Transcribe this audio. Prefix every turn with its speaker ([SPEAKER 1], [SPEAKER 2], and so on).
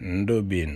[SPEAKER 1] Ndobène